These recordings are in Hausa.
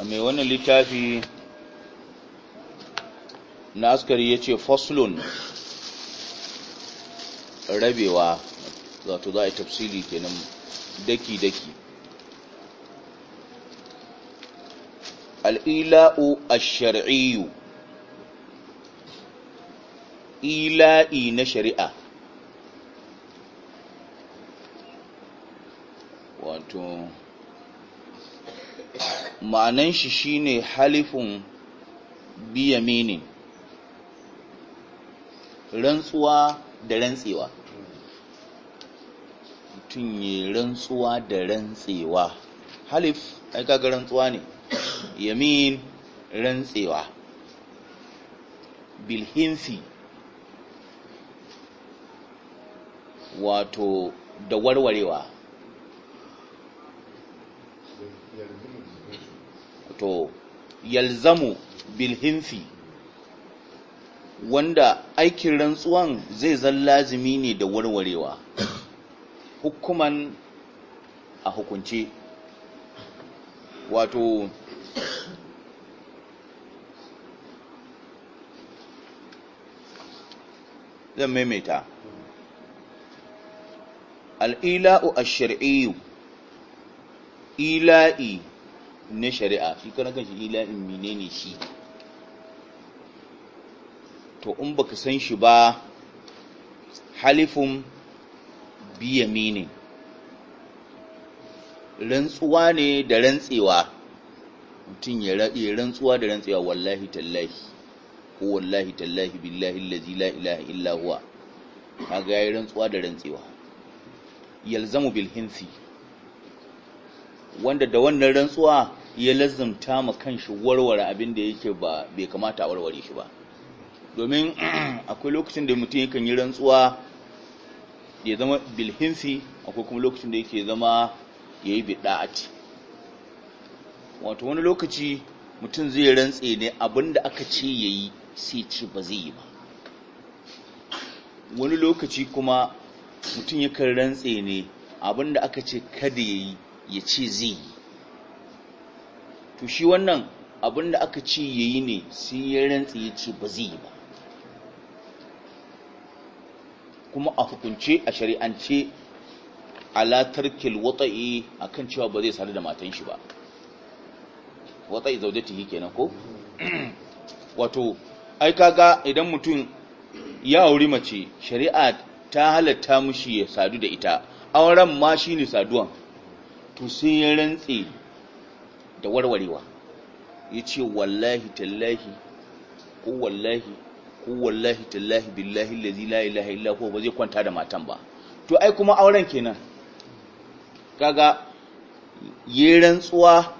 a mai wannan littafi na askari ya ce faslun rabewa zato za a yi tafsili kenan daki-daki al'ila'u a shari'iyu ila'i na shari'a ma'anan shi shine halifun biyamini rantsuwa da rantsewa mutum yi rantsuwa da rantsewa halif ai ga rantsuwa ne yamin rantsewa bilhinsi wato da warwarewa to yalzamu bilhinfi wanda aikin rantsuwan zai zan lazimi ne da warwarewa hukuman a hukunce wato zan maimaita al'ila'u a shari'iyu ila'i na shari'a shi kana kan shi ila'in menene shi to in baka san shi ba halifun biya biyaminin rantsuwa ne da rantsewa mutum ya rantsuwa da rantsewa wallahi tallahi ko wallahi tallahi billahi allazi la ilaha illa huwa kaga yi rantsuwa da rantsewa yalzamu bilhinsi wanda da wannan rantsuwa ya lazumta ma kan shi warware abin da yake ba bai kamata a warware shi ba domin akwai lokacin da mutum yakan yi rantsuwa ya zama bilhinsi akwai kuma lokacin da yake zama ya yi bida'ati wato wani lokaci mutum zai rantse ne abin da aka ce ya yi sai ce ba zai yi ba wani lokaci kuma mutum yakan rantse ne abin da aka ce kada ya yi ya ce zai yi to shi wannan abin da aka ya yayi ne sai ya rantsi ya ce ba zai yi ba kuma a hukunce a shari'ance ala tarkil wata'i akan cewa ba zai sadu da matan shi ba wata'i zaujatihi kenan ko wato ai kaga idan mutum ya auri mace shari'a ta halatta mushi ya sadu da ita auren ma shine saduwan to sai ya rantse da warwarewa ya ce wallahi tallahi ko wallahi ko wallahi tallahi billahi lazi layi layi illa ba zai kwanta da matan ba to ai kuma auren kenan kaga yi rantsuwa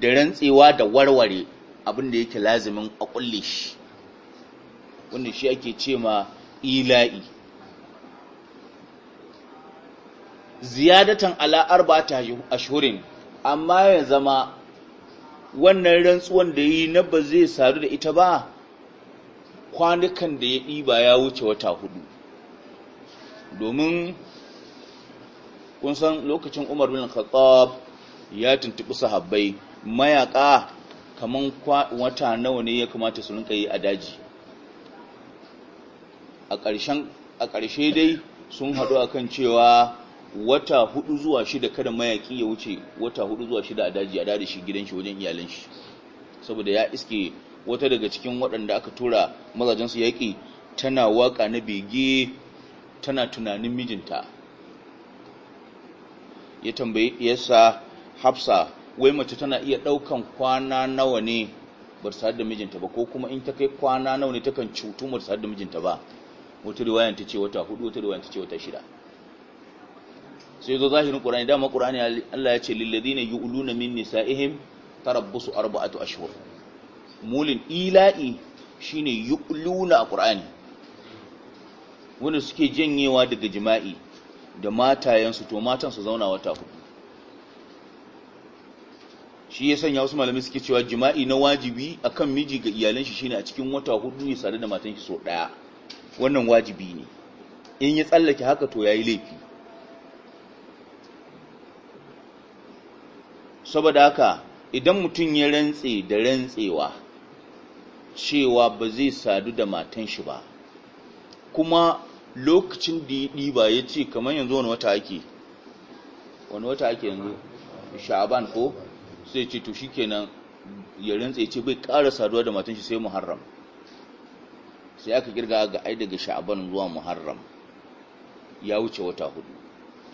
da rantsewa da warware abinda yake lazimin a kulle shi wanda shi ake ce ma ila'i ziyadatan ba ta ashhurin amma ya zama wannan rantsuwan da yi na ba zai sadu da ita ba kwanukan da ya ɗiba ya wuce wata hudu domin kun san lokacin umar bin khattab ya tuntuɓi sahabbai mayaƙa kamar wata nawa ne ya kamata su rinka yi a daji a ƙarshe dai sun haɗu akan cewa wata hudu zuwa shida kada mayaki ya wuce wata hudu zuwa shida a daji a dada shi gidan shi wajen iyalan shi saboda ya iske wata daga cikin waɗanda aka tura mazajen su yaƙi tana waka na bege tana tunanin mijinta ya tambayi yasa hafsa wai mace tana iya ɗaukan kwana nawa ne ba sa da mijinta ba ko kuma in ta kai kwana nawa ne takan cutu ba sa da mijinta ba wata riwayan ta ce wata hudu wata riwayan ta ce wata shida sai zo zahirin ƙur'ani, dama ƙur'ani Allah ya ce yi ulu na min nisa'ihim tarabbusu arba'atu ashhur mulin ila'i shi ne ulu na a ƙur'ani. Wani suke janyewa daga jima'i da matayensu to matan su zauna wata hudu shi ya sanya wasu malamai suke cewa jima'i na wajibi a kan miji ga iyalan shi shine a cikin wata hudu ya sadu da matan shi so daya wannan wajibi ne in ya tsallake haka to ya yi laifi saboda haka idan mutum ya rantse da rantsewa cewa ba zai sadu da matan shi ba kuma lokacin da ya ɗiba ya ce kamar yanzu wani wata ake wani wata ake yanzu sha'aban ko sai ce to shikenan ya rantse ce bai ƙara saduwa da matan shi sai muharram sai aka kirga ga ai daga sha'aban zuwa muharram ya wuce wata hudu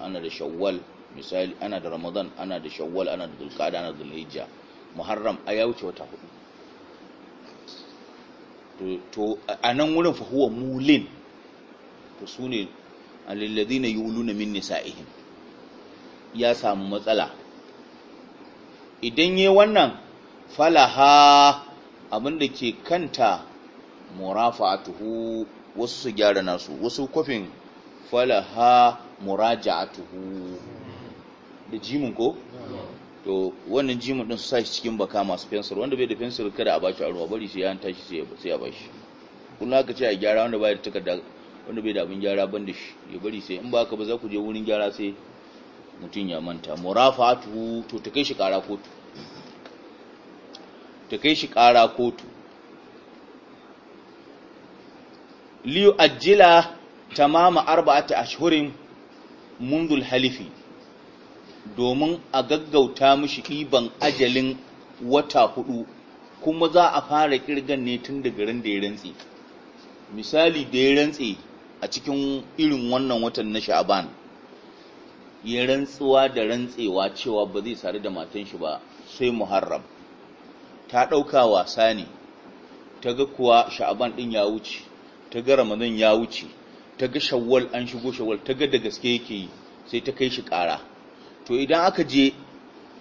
ana da shawwal misali ana da ramadan ana da shawwal ana da dulkada ana da muharram a ya wuce wata hudu to a nan wurin fa huwa mulin to su ne alilladina yuluna min nisa'ihim ya samu matsala idan yi wannan falaha abinda ke kanta murafa'atuhu wasu su gyara nasu wasu kofin falaha muraja'atuhu da jimin ko to wannan jimin din su sa shi cikin baka masu fensir wanda bai da fensir kada a ba shi a ruwa bari sai ya tashi sai sai bashi ba shi kullum aka ce a gyara wanda bai da takarda wanda bai da abin gyara ban da shi ya bari sai in ba ka ba za ku je wurin gyara sai mutum ya manta murafatu to ta kai shi kara kotu ta kai shi kara kotu liyu ajila tamama arba'ata ashhurin mundul halifi domin a gaggauta mishi ɗiban ajalin wata hudu kuma za a fara kirgan ne tun da garin da ya rantse misali da ya rantse a cikin irin wannan watan na sha'aban ya rantsuwa da rantsewa cewa ba zai sare da matan shi ba sai muharram ta ɗauka wasa ne ta ga kuwa sha'aban ɗin ya wuce ta ga ramadan ya wuce ta ga shawwal an shigo shawwal ta ga da gaske yake yi sai ta kai shi ƙara to idan aka je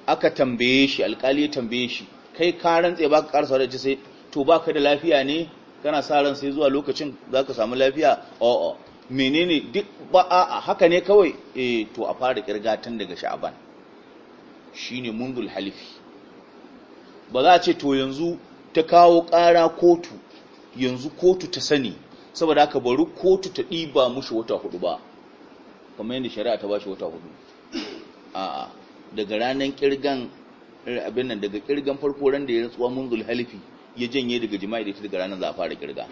aka tambaye shi alkali ya tambaye shi kai ka rantse ba ka karasa da sai to ba ka da lafiya ne kana sa ran sai zuwa lokacin za ka samu lafiya o'o menene duk ba a haka ne kawai e to a fara kirga tan daga sha'aban shine mundul halifi ba za a ce to yanzu ta kawo ƙara kotu yanzu kotu ta sani saboda aka bari kotu ta ɗiba mushi wata hudu ba kamar yadda shari'a ta ba shi wata hudu A'a, daga ranar kirgan abin nan daga kirgan farko ran da ya rantsuwa munzul halifi ya janye daga jima'i da ita daga ranar za a fara kirga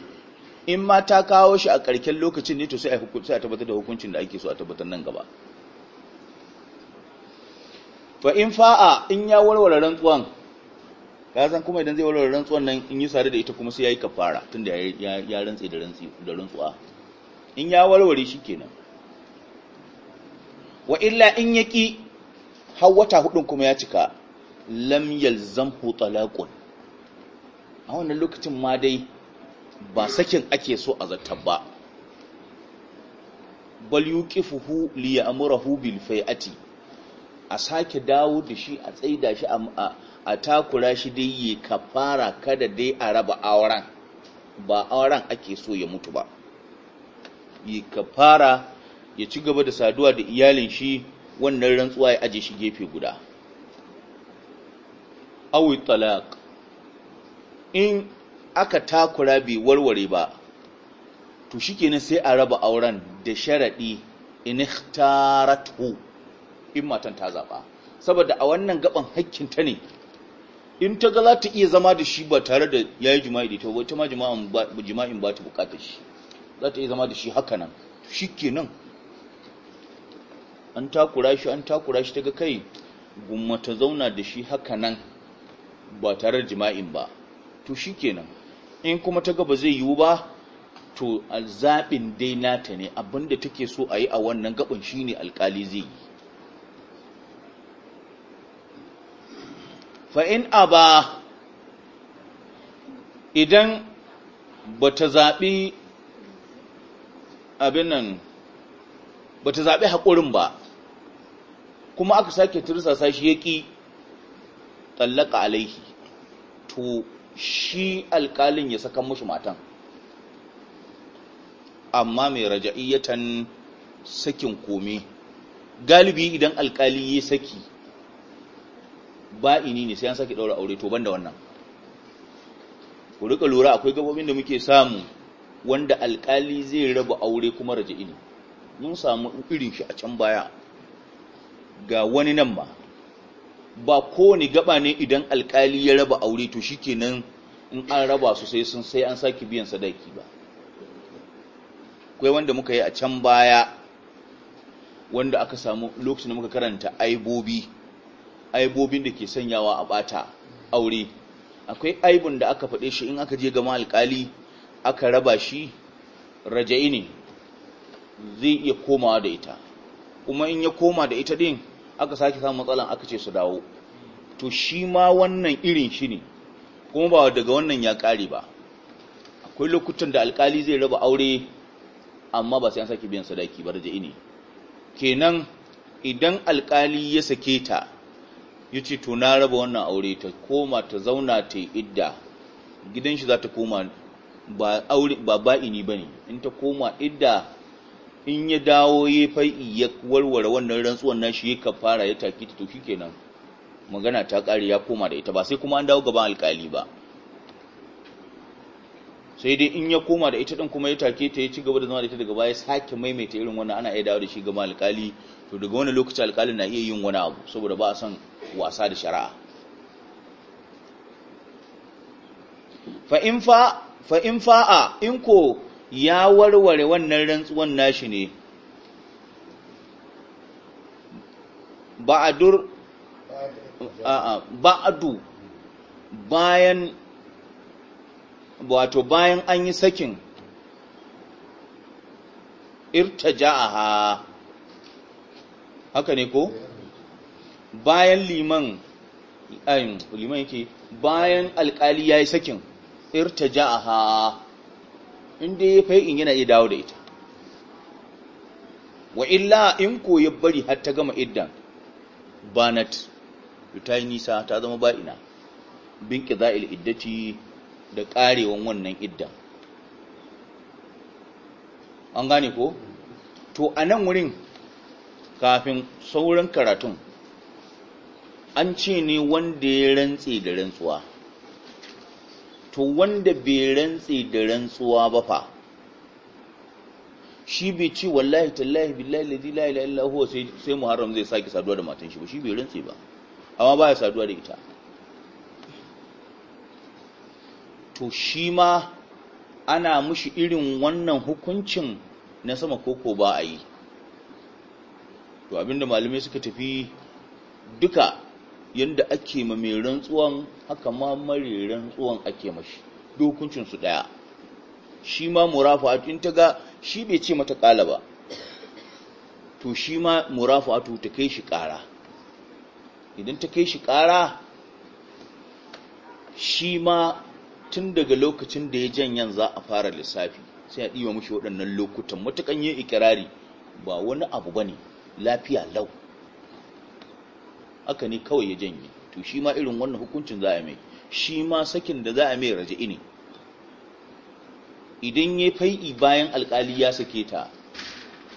in ma ta kawo shi a ƙarken lokacin ne to sai a tabbatar da hukuncin da ake so a tabbatar nan gaba fa in fa'a in ya warware rantsuwan ka san kuma idan zai warware rantsuwan nan in yi sare da ita kuma sai yayi kafara tunda ya ya rantsi da rantsi da rantsuwa in ya warware shi kenan. wa illa in yaki har wata hudun kuma ya cika lam hu talaqun a wannan lokacin ma dai ba sakin ake so a zartar ba bal yuqifuhu li ya'murahu bil fai'ati a sake dawo da shi a tsaida shi a takura shi dai ya kafara kada dai a raba auren ba auren ake so ya mutu ba yi kafara ya ci gaba da saduwa da iyalin shi wannan rantsuwa ya aje shi gefe guda awi talaq in aka takura bai warware ba to shikenan sai a raba auren da sharadi in ikhtaratu in matan ta zaba saboda a wannan gaban hakkin ta ne in ta ga za ta iya zama da shi ba tare da yayi jima'i da ita ba ta ma jima'in ba ta bukatar shi za ta iya zama da shi haka nan shikenan an takura shi an takura shi daga kai gumma ta zauna da shi haka nan ba tare da jima'in ba to shi kenan in kuma ta gaba zai yiwu ba to zaɓin dai nata ne abinda take so a yi a wannan gaban shi ne alƙali zai yi fa'in a ba idan ba ta zaɓi abin ba ta zaɓi haƙurin ba kuma aka sake tursasa shi yaki tallaka alaihi to shi alkalin ya saka mushi matan amma mai raja'iyatan sakin komi galibi idan alkali ya saki ba'ini ne sai an sake daura aure to banda wannan ku rika lura akwai gabobin da muke samu wanda alkali zai raba aure kuma raja'i ne mun samu irin shi a can baya ga wani nan ba, ba kowane gaba ne idan alkali ya raba aure to shikenan in an raba su sai sun sai an sake biyan sadaki ba akwai wanda muka yi a can baya wanda aka samu lokacin da muka karanta aibobi aibobin da ke sanyawa a bata aure akwai aibun da aka faɗe shi in aka je gama alkali aka raba shi raja'i ne zai iya komawa da ita kuma in ya koma da ita din aka sake samun matsalan aka ce su dawo to shi ma wannan irin shi ne kuma ba daga wannan ya kare ba akwai lokutan da alkali zai raba aure amma ba sai an sake biyan sadaki ba da ini kenan idan alkali ya sake ta ya ce to na raba wannan aure ta koma ta zauna ta idda gidan shi za ta koma ba aure ba ba'ini bane in ta koma idda in ya dawo ya fa'i ya warware wannan rantsuwan nashi ya fara ya take ta to shikenan magana ta kare ya koma da ita ba sai kuma an dawo gaban alkali ba sai dai in ya koma da ita din kuma ya take ta ya ci gaba da zama da ita daga baya sake maimaita irin wannan ana iya dawo da shi gaban alkali to daga wani lokaci alkalin na iya yin wani abu saboda ba a son wasa da shari'a fa in fa fa in fa'a in ko ya warware wannan rantsuwan nashi ne ba'adur ba'adu bayan wato bayan an yi sakin irtaja'aha haka ne ko bayan liman ayin liman yake bayan alkali yi sakin irtaja'aha in dai ya in yana iya dawo da ita wa illa in ko ya bari har ta gama iddan banat ta yi nisa ta zama ba'ina bin ƙiza'il iddati da ƙarewan wannan iddan an gane ko to a nan wurin kafin sauran karatun an ce ne wanda ya rantse da rantsuwa to wanda bai rantse da rantsuwa ba fa shi bai ce wallahi tallahi billahi ladhi la ilaha illa huwa sai sai muharram zai saki saduwa da matan shi ba shi bai rantse ba amma baya saduwa da ita to shi ma ana mushi irin wannan hukuncin na sama koko ba a yi to abinda malamai suka tafi duka yanda ake ma mai rantsuwan haka ma mare rantsuwan ake mashi dokuncin ɗaya, daya shi ma murafa'atu in ta ga shi bai ce mata kala ba to shi ma murafa'atu ta kai shi ƙara. idan ta kai shi kara shi ma tun daga lokacin da ya janyan za a fara lissafi sai a ɗiwa mashi waɗannan lokutan matukan yin ikirari ba wani abu ba ne lafiya lau aka ne kawai ya janye to shi ma irin wannan hukuncin za a mai shi ma sakin da za a mai raja'i ne idan ya fai'i bayan alkali ya sake ta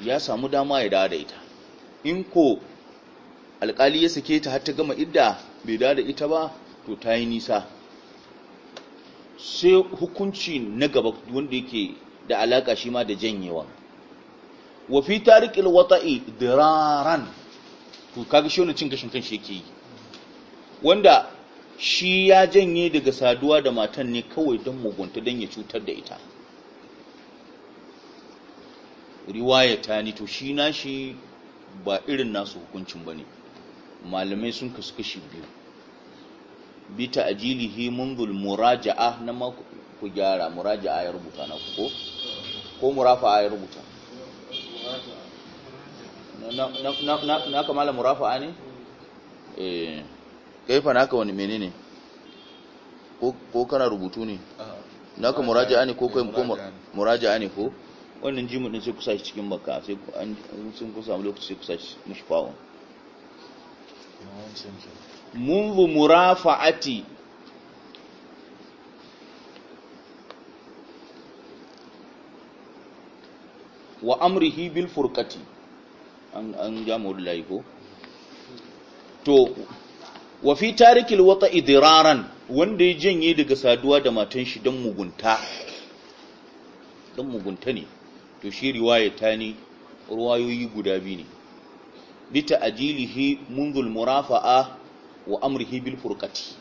ya samu dama ya dawo da ita in ko alkali ya sake ta har ta gama idda bai dawo da ita ba to ta yi nisa sai hukunci na gaba wanda yake da alaka shi ma da janyewa wa fi tariqil wata'i diraran to kaga shi wani cin gashin kanshi yake yi wanda shi ya janye daga saduwa da matan ne kawai don mugunta don ya cutar da ita riwaya ta ni to shi nashi ba irin nasu hukuncin ba ne malamai sun kasu kashi biyu bi ta ajilihi munzul muraja'a na ku gyara muraja'a ya rubuta na ko ko murafa'a ya rubuta na kamala murafa'a ne eh kaifa naka wani menene ko kana rubutu ne naka muraja'a ne ko kai muraja'a ne ko wannan jimu din sai kusa shi cikin makka sai an sun kusa mu lokaci sai kusa shi mushfa'un munzu murafa'ati wa amrihi bil furqati an jama'ul layi ko to wa fi tarikil wata idiraran wanda ya janye daga saduwa da matan shi don mugunta don mugunta ne to shi riwaya ta ne ruwayoyi guda biyu ne bi ta'jilihi munzul murafa'a wa amrihi bil furqati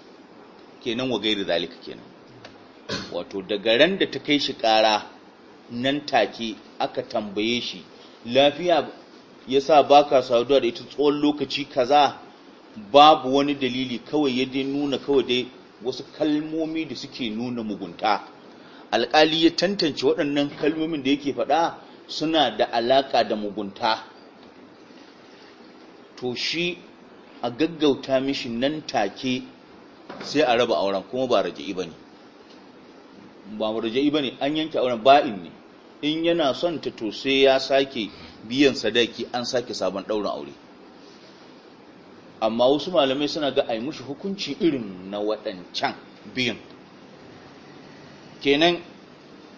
kenan wa gairi zalika kenan wato daga ran da ta kai shi kara nan take aka tambaye shi lafiya yasa baka saduwa da ita tsawon lokaci kaza babu wani dalili kawai ya dai nuna kawai dai wasu kalmomi da suke nuna mugunta alkali ya tantance waɗannan kalmomin da yake faɗa suna da alaƙa da mugunta to shi a gaggauta mishi nan take sai a raba auren kuma ba raja'i ne. ba raja'i ne. an yanke auren ba'in ne in yana son ta to sai ya sake biyan sadaki an sake sabon ɗaurin aure amma wasu malamai suna ga ai mushi hukunci irin na waɗancan biyan. kenan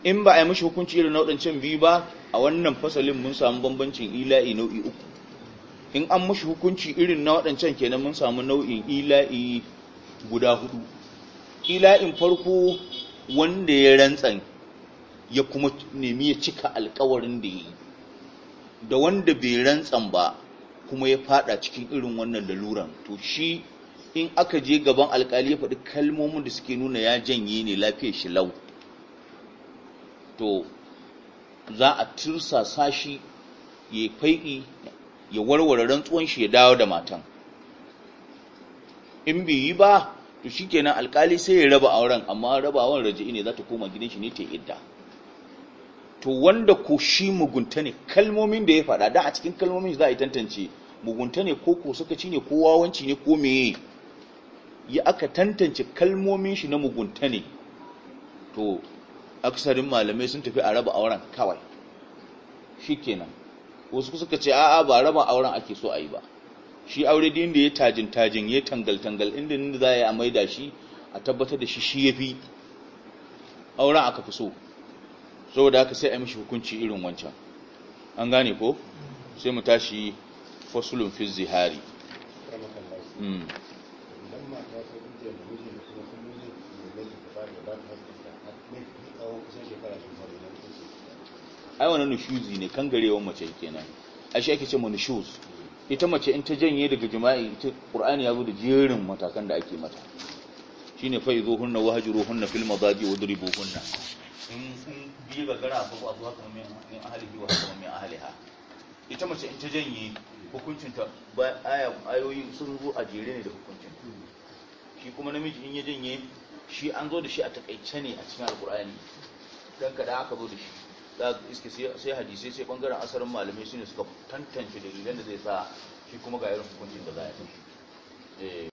in ba a yi hukunci irin na waɗancan biyu ba a wannan fasalin mun samu bambancin ila'i nau'i uku in an mushi hukunci irin na waɗancan kenan mun samu nau'in ila'i guda hudu ila'in farko wanda ya rantsan ya kuma nemi ya cika alkawarin da ya yi da wanda bai rantsan ba kuma ya fada cikin irin wannan laluran to shi in aka je gaban alkali ya faɗi kalmomin da suke nuna ya janye ne lafiyar shi lau to za a tursasa shi ya faiƙi ya warware rantsuwan shi ya dawo da matan in bai yi ba to shikenan alkali sai ya raba auren amma raba auren raji'i ne za ta koma gidan shi ne ta idda to wanda ko shi mugunta ne kalmomin da ya faɗa da a cikin kalmomin za a yi tantance mugunta ne ko ko suka ne ko wawanci ne ko meye ya aka tantance kalmomin shi na mugunta ne to aksarin malamai sun tafi a raba auren kawai shikenan wasu suka ce a'a ba raba auren ake so a yi ba shi aure din da ya tajin tajin ya tangal tangal inda nuna za a yi a maida shi a tabbatar da shi shi ya fi. auren aka fi so saboda haka sai a mishi hukunci irin wancan an gane ko sai mu tashi fasulun fi zihari hmm. ai wani nushuzi ne kangarewar mace kenan ashe ake ce mu nushuz ita mace in ta janye daga jima'i ita ƙurani ya zo da jerin matakan da ake mata shine fa filma wahjuruhunna fil madaji wadribuhunna in sun biyu gagara ba a zuwa kuma min ahalihi wa kuma min ahaliha ita mace in ta janye hukuncinta ba ayoyin sun zo a jere ne da hukuncin shi kuma namiji in ya janye shi an zo da shi a takaice ne a cikin alkur'ani dan kada aka zo da shi za iske sai hadisi sai bangaren asarin malamai shine suka tantance dalilan da zai sa shi kuma ga irin hukuncin da za a yi eh.